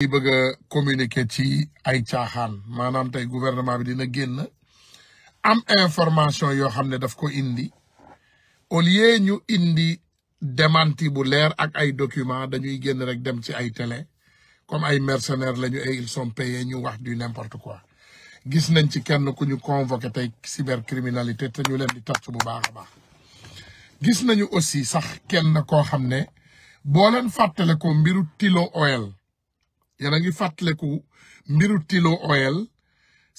ñi bëgg a ci ay caaxaan maanaam tey gouvernement bi dina génn am information yoo xam ne daf ko indi au lieu ñu indi démenti bu leer ak ay document dañuy génn rek dem ci ay télé comme ay mercenaires lañu et ils sont payés ñu wax du n'importe quoi gis nañ ci kenn ku ñu convoqué tey cybercriminalité te ñu leen di tàcc bu baax a baax gis nañu aussi sax kenn koo xam ne boo leen fàttale ko mbiru Tilo Oil yéen a ngi fàttaleku mbiru Tilo Oil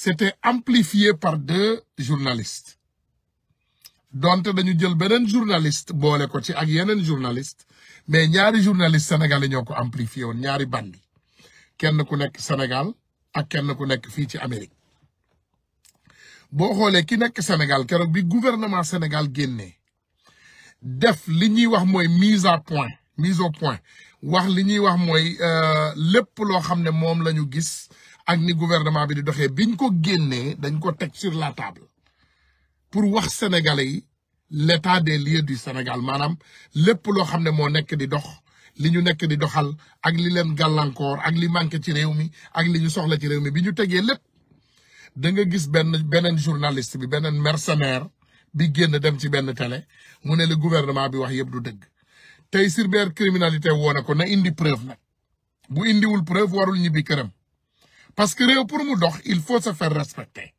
c'était amplifié par deux journalistes donte dañu jël beneen journaliste boole ko ci ak yeneen journaliste mais ñaari journaliste sénégalais ñoo ko amplifié woon ñaari bandi kenn ku nekk Sénégal ak kenn ku nekk fii ci Amérique boo xoolee ki nekk Sénégal keroog bi gouvernement Sénégal génnee def li ñuy wax mooy mise à point mise au point wax li ñuy wax mooy euh, lépp loo xam ne moom la ñu gis ak ni gouvernement bi di doxee biñ ko génnee dañ ko teg sur la table pour wax sénégalais yi l'état des lieux du Sénégal maanaam lépp loo xam ne moo nekk di dox li ñu nekk di doxal ak li leen gàllankoor ak li manqué ci réew mi ak li ñu soxla ci réew mi bi ñu tegee lépp da nga gis benn beneen journaliste bi beneen mercenaire bi génn dem ci benn télé mu ne le gouvernement bi wax yëpp du dëgg tey cybercriminalité woo na ko na indi preuve nag bu indiwul preuve warul ñibbi këram parce que réew pour mu dox il faut se faire respecter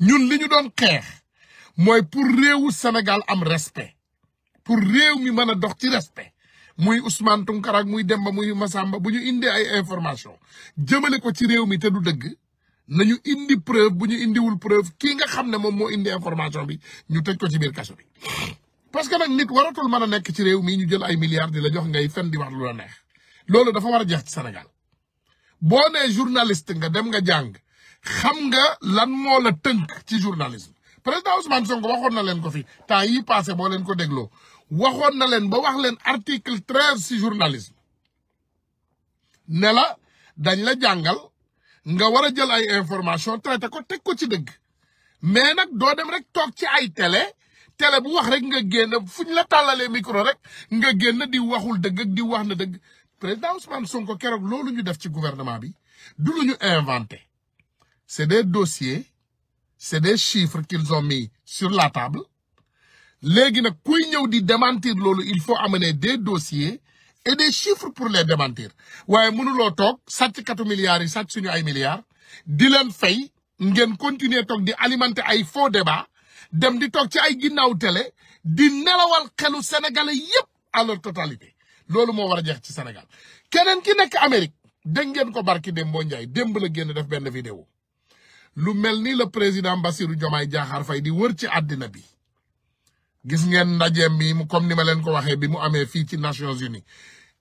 ñun li ñu doon xeex mooy pour réewu Sénégal am respect pour réew mi mën a dox ci respect muy Ousmane Tounkara ak muy Demba muy Massamba bu ñu indee ay information jëmale ko ci réew mi te du dëgg nañu indi preuve bu ñu indiwul preuve kii nga xam ne moom moo indi information bi ñu tëj ko ci biir kaso bi parce que nag nit waratul mën a nekk ci réew mii ñu jël ay milliards di la jox ngay fen di wax lu la neex loolu dafa war a jeex ci Sénégal boo nee journaliste nga dem nga jàng xam nga lan moo la tënk ci journalisme président Ousmane Sonko waxoon na leen ko fi temps yi passé boo leen ko dégloo waxoon na leen ba wax leen article treize ci journalisme ne la dañ la jàngal nga war a jël ay information traité ko teg ko ci dëgg mais nag doo dem rek toog ci ay télé télé bu wax rek nga génn fu ñu la tàllalee micro rek nga génn di waxul dëgg ak di wax na dëgg président Ousmane Sonko keroog loolu ñu def ci gouvernement bi du lu ñu inventé c'est des dossiers c'est des chiffres qu'ils ont mis sur la table léegi nag kuy ñëw di démentir loolu il faut amener des dossiers et des chiffres pour les démentir waaye mënuloo toog sàcckatu milliards yi sàcc suñu ay milliards di leen fay ngeen continuer toog di alimenter ay faux débat dem di toog ci ay ginnaaw tele di nelawal xelu sénégalais yépp à leur totalité loolu moo war a jeex ci Sénégal keneen ki nekk Amérique dégg ngeen ko barki Dembo Ndiaye démb la génn def benn vidéo lu mel ni le président Bassirou Diomaye Diakhar Faye di wër ci àddina bi gis ngeen ndajeem bi mu comme ni ma leen ko waxee bi mu amee fii ci Nations Unies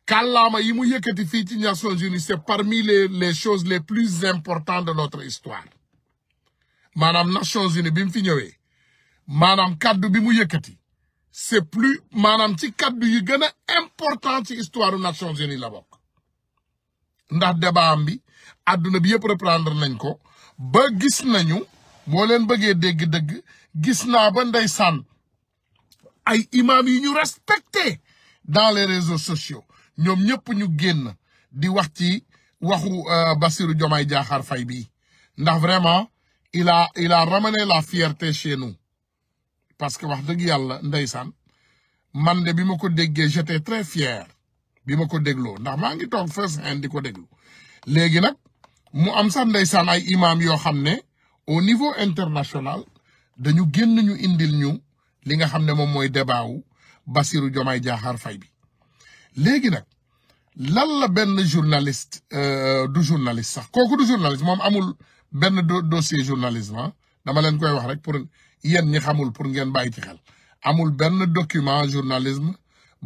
kàllaama yi mu yëkkati fii ci Nations Unies c'est parmi les les choses les plus importantes de notre histoire maanaam Nations Unies bi mu fi ñëwee maanaam kaddu bi mu yëkkati c'est plus maanaam ci kaddu yi gën a important ci histoire Nations Unies la bokk ndax débat bi àdduna bi yëpp reprendre nañ ko ba gis nañu boo leen bëggee dégg-dëgg gis naa ba ndeysaan ay imam yi ñu respecté dans les réseaux sociaux ñoom ñëpp ñu génn di wax ci waxu euh, Bassirou jomay Diakhar fay bi ndax vraiment il a il a ramené la fierté chez parce que wax dëgg yàlla ndeysaan man de bi ma ko déggee j'étais très fier bi ma ko dégloo ndax maa ngi toog first hand di ko déglu léegi nag mu am sax ndeysaan ay imam yoo xam ne au niveau international dañu génn ñu indil ñu li nga xam ne moom mooy débat wu Bassirou Diomaye Diakhar Faye bi léegi nag lan la benn journaliste euh, du journaliste sax kooku du journaliste moom amul benn dossier journalisme ah. dama leen koy wax rek yéen ñi xamul pour ngeen bàyyi ci xel amul benn document journalisme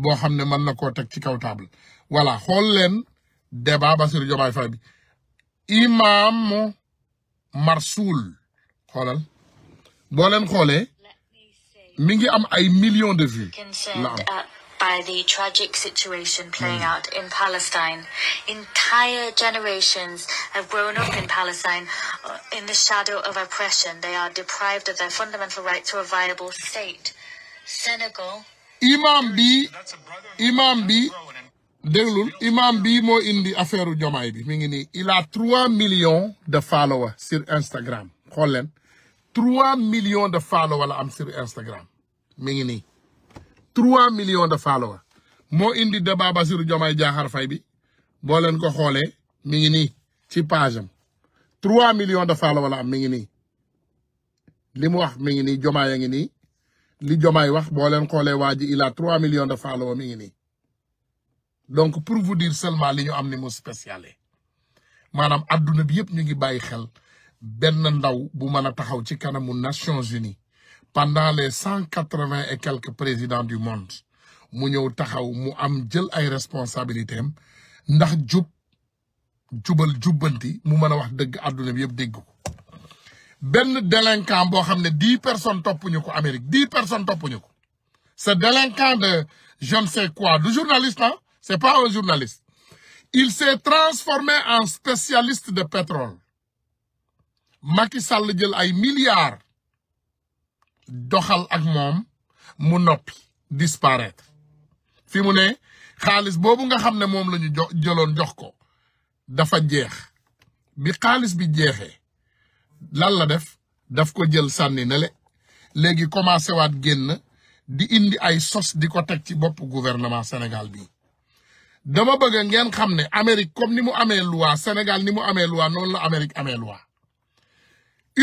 boo xam ne mën na koo teg ci kaw table voilà xool leen débat Bassirou Diomaye Faye bi imam marsul xoolal boo leen xoolee mi ngi am ay millions de vues la am by the tragic situation playing hmm. out in Palestine. Entire generations have grown up in Palestine uh, in the shadow of oppression. They are deprived of their fundamental right to a viable state. Senegal. imam bi imam bi déglul imam bi moo indi affaire jomaay bi mi ngi nii il a trois millions de followers sur Instagram xool trois millions de followers la am sur Instagram trois millions de followers moo indi débat Bassirou Diomaye Diakhar fay bi boo leen ko xoolee mi ngi nii ci page am trois millions de followers la am mi ngi nii li mu wax mi ngi nii Diomaye a ngi nii li Diomaye wax boo leen xoolee waa ji il trois millions de followers mi ngi nii donc pour vous dire seulement li ñu am ni mu spéciale maanaam adduna bi yëpp ñu ngi bàyyi xel benn ndaw bu mën a taxaw ci kanamu Nations Unies pendant les cent quatre-vingts et quelques présidents du monde mu ñëw taxaw mu am jël ay responsabilités am ndax jub jubal jubbanti mu mën a wax dëgg àdduna bi yëpp dégg ko benn délinquant boo xam ne dix personnes toppuñu ko Amérique dix personnes toppuñu ko ce délinquant de je ne sais quoi du journaliste ah c'est pas un journaliste il s'est transformé en spécialiste de pétrole Macky Sall jël ay milliards doxal ak moom mu noppi disparaître fi mu ne xaalis boobu nga xam ne moom la ñu jo jëloon jox ko dafa jeex bi xaalis bi jeexe lan la def daf ko jël sànni na le léegi commencé waat génn di indi ay sos di ko teg ci bopp gouvernement Sénégal bi dama bëgg ngeen xam ne Amérique comme ni mu amee loi Sénégal ni mu amee loi noonu la Amérique amee loi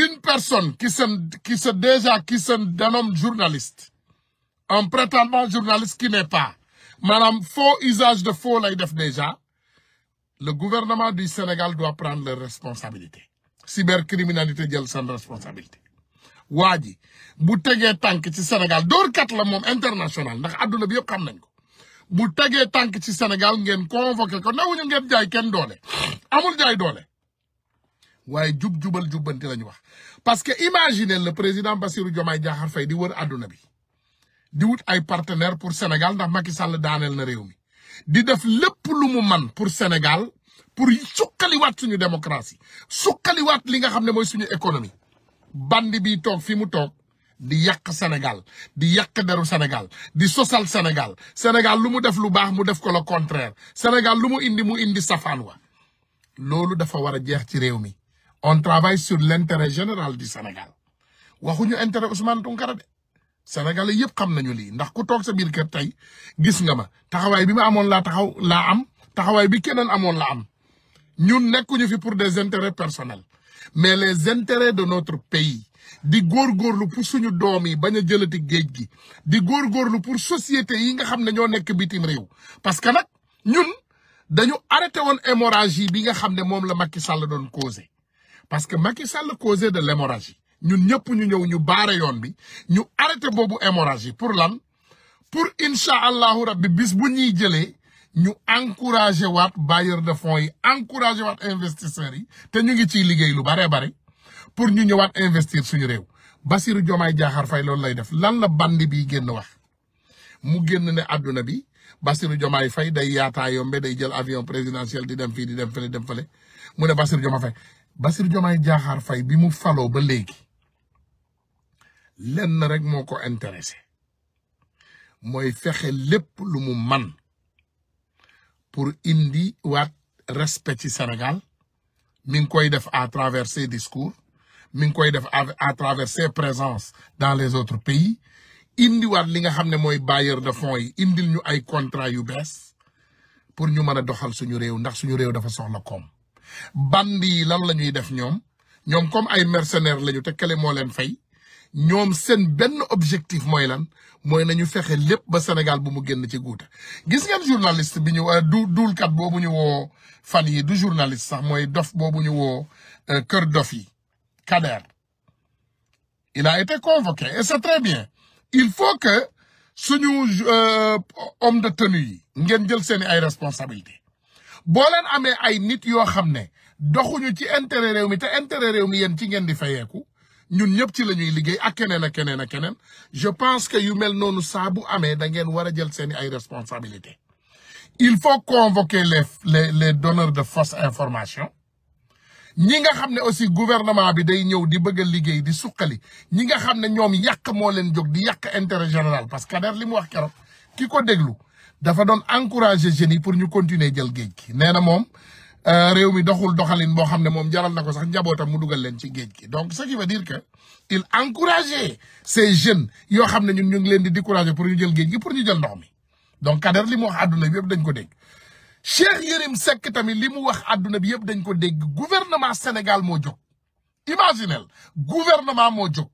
une personne qui se, qui se déjà, qui se dénomme journaliste, un prétendant journaliste ki n'est pas, maanaam faux usage de faux lay def déjà, le gouvernement du Sénégal doit prendre les responsabilités. cybercriminalité jël seen responsabilité. waa ji bu tegee tànk ci Sénégal dóorkat la moom international ndax àdduna bi yëpp xam nañ ko bu tegee tànk ci Sénégal ngeen convoqué ko newuñu ngeen jaay kenn doole amul jaay doole. waaye jub jubal jubbanti lañu wax parce que imaginez le président Bassirou Diomaye Diakhar Faye di wër àdduna bi di wut ay partenaire pour Sénégal ndax Macky Sall daaneel na réew mi di def lépp lu mu man pour Sénégal pour suqaliwaat suñu démocratie suqaliwaat li nga xam ne mooy suñu économie bandi bi toog fi mu toog di yàq Sénégal di yàq deru Sénégal di sosal Sénégal Sénégal lu mu def lu baax mu def ko le contraire Sénégal lu mu indi mu indi safaan wa loolu dafa war a jeex ci réew mi on travaille sur l'intérêt général di Sénégal waxuñu intérêt Ousmane Tounkara de Sénégalais yëpp xam nañu lii ndax ku toog sa biir kër tey gis nga ma taxawaay bi ma amoon laa taxaw laa am taxawaay bi keneen amoon la am ñun nekkuñu fi pour des intérêts personnels mais les intérêts de notre pays di góor góorgóorlu pour suñu doom yi bañ a jëlati géej gi di góorgóorlu pour société yi nga xam ne ñoo nekk bitim réew parce que nag ñun dañu arrêté woon hémorragie bi nga xam ne moom la Macky Sall doon causé parce que Macky Sall causé de l'hémorragie ñun ñëpp ñu ñëw ñu baare yoon bi ñu arrêté boobu hémorragie pour lan pour incha allahu rabbi bis bu ñuy jëlee ñu encouragé waat bailleur de fonds yi encouragé waat investisseurs yi te ñu ngi ciy liggéey lu bare bare pour ñu ñëwaat investir suñu réew Bassirou Diomaye Diakhar Faye loolu lay def lan la bandi bi génn wax mu génn ne adduna bi Bassirou Diomaye fay day yaataa yombe day jël avion présidentiel di dem fii di dem fële dem fële mu ne Bassirou Diomaye Faye Bassirou Diomaye Diakhar fay bi mu faloo ba léegi lenn rek moo ko intéressé mooy fexe lépp lu mu man pour indi waat respect ci Sénégal mi ngi koy def à travers ses discours mi ngi koy def à travers ses présences dans les autres pays indiwaat li nga xam ne mooy bailleur de fonds yi indil ñu ay contrat yu bees pour ñu mën a doxal suñu réew ndax suñu réew dafa soxla kom bandi yi lan la ñuy def ñoom ñoom comme ay mercenaires lañu te kale moo leen fay ñoom seen benn objectif mooy lan mooy nañu fexe lépp ba Sénégal bu mu génn ci guuta gis ngeen journaliste bi ñu euh, du duulkat boobu ñu woo fan yi du journaliste sax mooy dof boobu ñu woo euh, kër dof yi Kader il a été convoqué et c'est très bien il faut que suñu euh, homme de tenue yi ngeen jël seeni ay responsabilité boo leen amee ay nit yoo xam ne doxuñu ci intérêt réew mi te intérêt réew mi yéen ci ngeen di fayeeku ñun ñëpp ci la ñuy liggéey ak keneen ak keneen ak keneen je pense que yu mel noonu saa bu amee da ngeen war a jël seeni ay responsabilité il faut convoquer les les les donneurs de fausse information ñi nga xam ne aussi gouvernement bi day ñëw di bëgg liggéey di suqali ñi nga xam ne ñoom yàq moo leen jóg di yàq intérêt général parce que Kader li mu wax keroog ki ko déglu dafa doon encourager jeunes yi pour ñu continuer jël géej gi nee na moom euh, réew mi doxul doxalin boo xam ne moom jaral na ko sax njabootam mu dugal leen ci géej gi donc ce qui veut dire que il encourageait ces jeunes yoo xam ne ñun ñu ngi leen di décourager pour ñu jël géej gi pour ñu jël ndox mi donc Kader li mu wax àdduna bi yëpp dañ ko dégg. Cheikh Yérim Seck tamit li mu wax àdduna bi yëpp dañ ko dégg gouvernement Sénégal moo jóg imaginel gouvernement moo jóg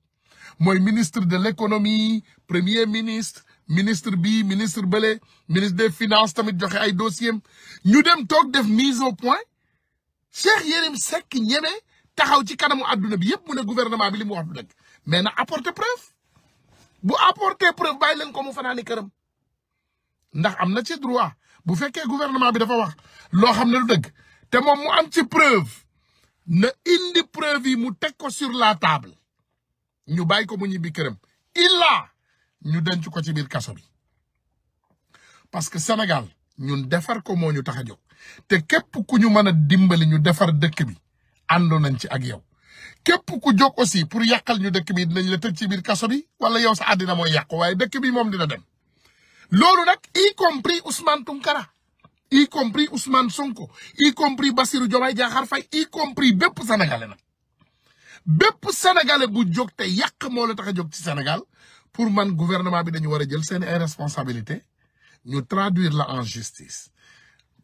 mooy ministre de l'économie premier ministre. ministre bi ministre bële ministre des finance tamit joxe ay dossier ñu dem toog def mise au point Cheikh Yérim Seck ñeme taxaw ci kanamu àdduna bi yëpp mu ne gouvernement bi li mu wax du dëgg mais na apporter preuve bu apporter preuve bàyyi leen ko mu fanaani këram ndax am na ci droit bu fekkee gouvernement bi dafa wax loo xam ne du dëgg te moom mu am ci preuve na indi preuve yi mu teg ko sur la table ñu bàyyi ko mu ñibbi këram illa ñu denc ko ci biir kaso bi parce que Sénégal ñun defar ko moo ñu tax a jóg te képp ku ñu mën a dimbali ñu defar dëkk bi àndoon nañ ci ak yow. képp ku jóg aussi pour yàqal ñu dëkk bi dinañ la tëj ci biir kaso bi wala yow sa àddina mooy yàqu waaye dëkk bi moom dina dem loolu nag y compris Ousmane Tounkara y compris Ousmane Sonko y compris Bassirou Diomaye Diakhar Faye y compris bépp sénégalais nag bépp sénégalais bu jóg te yàq moo la tax a jóg ci senegal pour man gouvernement bi dañu war a jël seen ay responsabilité ñu traduire la en justice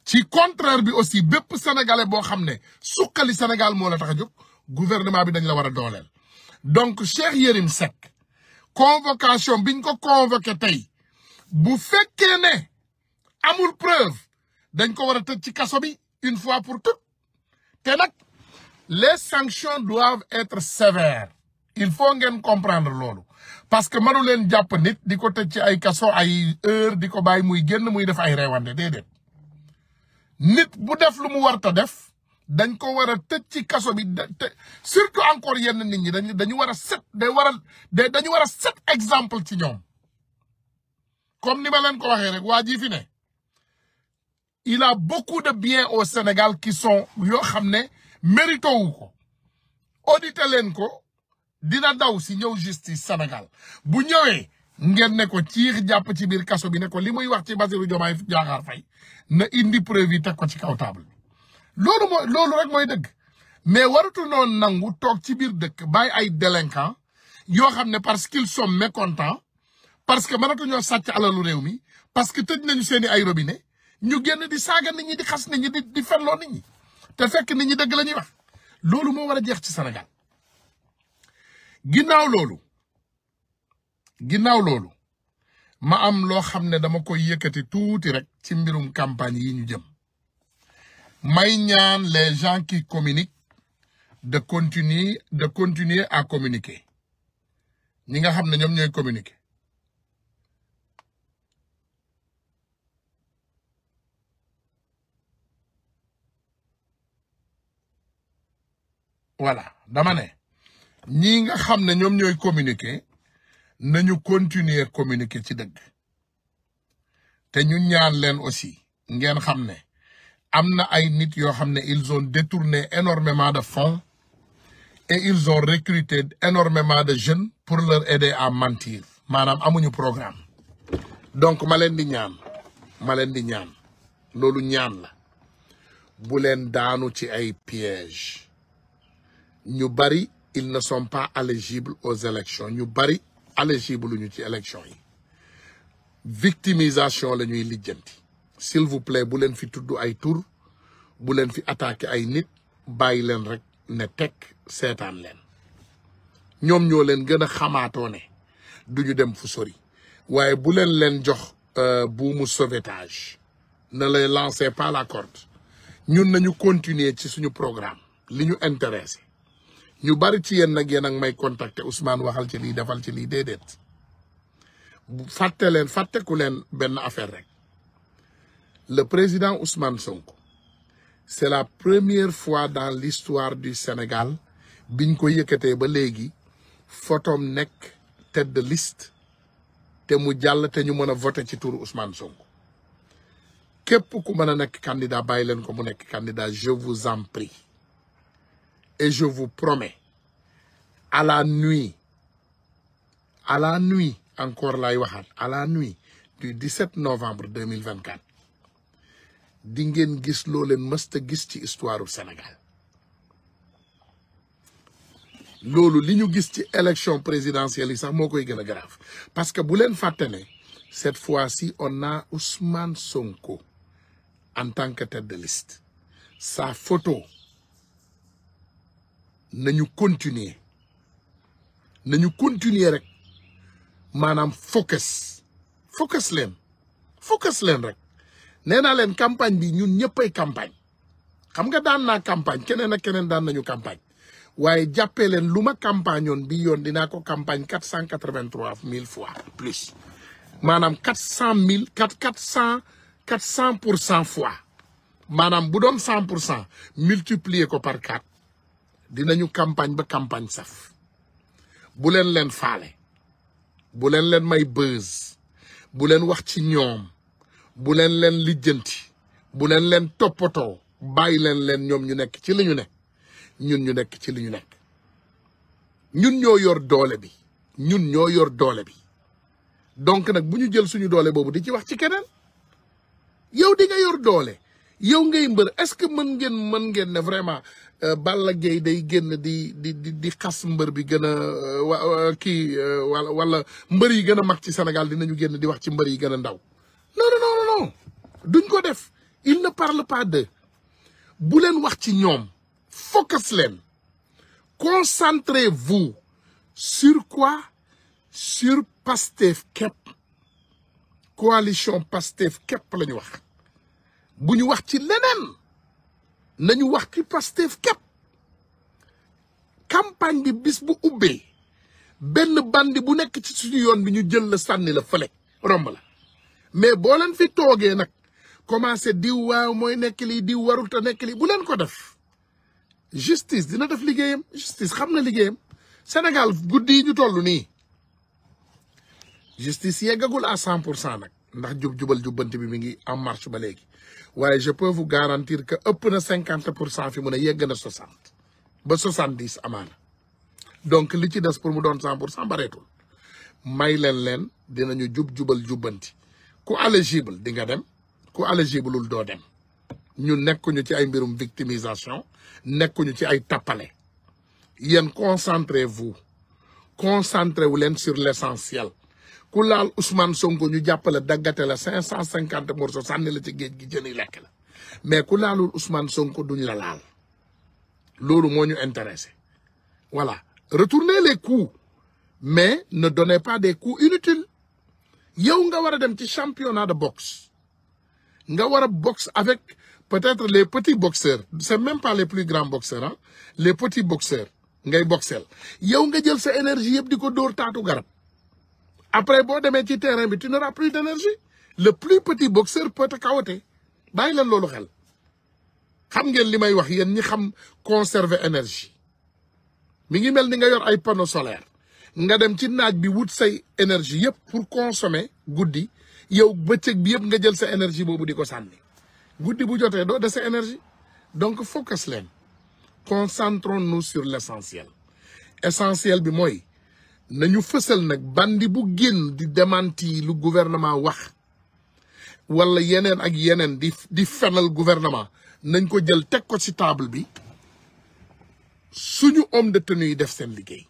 ci contraire bi aussi bépp sénégalais boo xam ne suqali Sénégal mool la tax a jóg gouvernement bi dañ la war a dooleel donc Cheikh Yérim Seck convocation biñ ko convoqué tey bu fekkee ne amul preuve dañ ko war a tëj ci kaso bi une fois pour toutes te nag les sanctions doivent être sévères il faut ngeen comprendre loolu parce que mënu leen jàpp nit di ko tëj ci ay kaso ay heure di ko bàyyi muy génn muy def ay reewande déedéet nit bu def lu mu warta def dañ ko war a tëj ci kaso bi te surtout encore yenn nit ñi dañu dañu war a set day dañu war a set exemple ci ñoom comme ni ma leen ko waxee rek waa ji fi ne il a beaucoup de biens au Sénégal qui yoo xam ne mérito wu ko audité leen ko dina daw si ñëw justice Sénégal bu ñëwee ngeen ne ci ciix jàpp ci biir kaso bi ne ko li muy wax ci Bassirou Diomaye Diakhar Faye na indi preuve yi teg ko ci kaw table bi loolu mooy loolu rek mooy dëgg mais waratu noon nangu toog ci biir dëkk bay ay délinquant yoo xam ne parce qu'ils sont mécontents parce que mënatuñoo sàcc alalu réew mi parce que tëj nañu seeni ay robinet ñu génn di saaga nit ñi di xas nit ñi di di loo nit ñi te fekk nit ñi dëgg la ñuy wax loolu moo war a jeex ci Sénégal ginnaaw loolu ginnaaw loolu ma am loo xam ne dama koy yëkkati tuuti rek ci mbirum campagne yi ñu jëm may ñaan les gens qui communiquent de continuer de continuer à communiquer ñi nga xam ne ñoom ñooy communiquer voilà dama ñii nga xam ne ñoom ñooy communiquer nañu continuer communiquer ci dëgg te ñu ñaan leen aussi ngeen xam ne am na ay nit yoo xam ne ils ont détourné énormément de fonds et ils ont recruté énormément de jeunes pour leur aider à mentir maanaam amuñu programme donc ma leen di ñaan ma di ñaan loolu ñaan la bu leen daanu ci ay piège ñu bari ils ne sont pas éligibles aux élections ñu bari éligible ñu ci élections yi victimisation la ñuy lijjanti s'il vous bu leen fi tudd ay tur bu leen fi attaqué ay nit bàyyi leen rek ne teg seetaan leen ñoom ñoo leen gën a xamaatoo ne duñu dem fu sori waaye bu leen leen jox euh, buumu sauvetage ne les lancez pas la corde ñun nañu continuer ci suñu programme li ñu intéressé ñu bari ci yéen nag yéen ak may contacter Ousmane waxal ci lii defal ci lii déedéet fàtte leen fàtteku leen benn affaire rek le président Ousmane Sonko c'est la première fois dans l'histoire du Sénégal biñ ko yëkkatee ba léegi photom nekk tête de te mu jàll te ñu mën a voter ci turu Ousmane Sonko képp ku mën a nekk candidat bàyyi leen ko mu nekk candidat je vous en prie Et je vous promets, à la nuit, à la nuit, encore lay waxaat à la nuit du 17 novembre 2024 di ngeen gis looleen leen mësta gis ci histoire du Sénégal loolu li ñu gis ci élection présidentielle yi sax moo koy gën a grave parce que bu leen fàtte ne cette fois-ci on a Ousmane Sonko en tant que tête de liste sa photo nañu continuer nañu continuer rek maanaam focus focus leen focus leen rek nee naa leen campagne bi ñun ñëppay campagne xam nga daan naa campagne keneen ak keneen daan nañu campagne waaye jàppee leen lu ma campagne oon bi yoon dinaa ko campagne quatre cent quatre mille fois plus maanaam quatre cent mille quatre quatre cent quatre cent pour cent fois maanaam bu doon cent pour cent multiplier ko par quatre dinañu campagne ba campagne saf bu leen leen faale bu leen leen may buzz bu leen wax ci ñoom bu leen leen lijjanti bu leen leen toppatoo bàyyi leen leen ñoom ñu nekk ci li ñu ne ñun ñu nekk ci li ñu nekk ñun ñoo yor doole bi ñun ñoo yor doole bi donc nag bu ñu jël suñu doole boobu di ci wax ci keneen yow di nga yor doole yow ngay mbër est-ce que mën ngeen mën ngeen ne vraiment Euh, Balla Gaye day génn di di di xas mbër bi gën a euh, kii euh, walla wala mbër yi gën a mag ci Sénégal dinañu génn di wax ci mbër yi gën a ndaw non non non non duñ ko def il ne parle pas de bu leen wax ci ñoom focus leen concentrez-vous sur quoi sur Pastef képp coalition Pastef képp la ñu wax bu ñu wax ci leneen nañu wax ci Pastef képp campagne bi bis bu ubbee benn bandi bu nekk ci suñu yoon bi ñu jël la sànni la fële romb la mais boo leen fi toogee nag commencé diw waaw mooy nekk lii diw warul te nekk lii bu leen ko def justice dina def liggéeyam justice xam na liggéeyam Sénégal guddi yi ñu toll nii justice yeggagul à cent pour cent nag ndax jub jubal jubbanti bi mi ngi en marche ba léegi waaye je peux vous garantir que ëpp na cinquante pour cent fi mu ne yegg na soixante ba soixante dix amaana donc li ci des pour mu doon cent pour cent bareetul may leen leen ñu jub jubal jubbanti ku éligible dinga dem ku éligibleul doo dem ñu nekkuñu ci ay mbirum victimisation nekkuñu ci ay tappale yéen concentrez-vous concentrez-vous leen sur l'essentiel ku laal Ousmane Sonko ñu jàppale daggate la cinq cent cinquante morceaux sànni la ci géej gi jëni lekk la mais ku laalul Ousmane Sonko duñ la laal loolu moo ñu intéressé voilà retournez les coups mais na donnez pas des coups inutiles yow nga war a dem ci championnat de boxe nga war a boxe avec peut-être les petits boxeurs c'est même pas les plus grands boxeurs ah les petits boxeurs ngay boksel yow nga jël sa énergie yëpp di ko dóor taatu garab après boo demee ci terrain bi tu n'auras plus d'énergie le plus petit boxeur peut te kawote bàyyi leen loolu xel xam ngeen li may wax yéen ñi xam conserver énergie mi ngi mel ni nga yor ay panneau solaire nga dem ci naaj bi wut say énergie yëpp pour consommer guddi yow ba bëccëg bi yëpp nga jël sa énergie boobu di ko sànni guddi bu jotee doo def sa énergie donc focus leen concentrons-nous sur l'essentiel essentiel bi mooy nañu fësal nag bandi bu génn di démenti lu gouvernement wax wala yeneen ak yeneen di di fenal gouvernement nañ ko jël teg ko ci table bi suñu homme de te yi def seen liggéey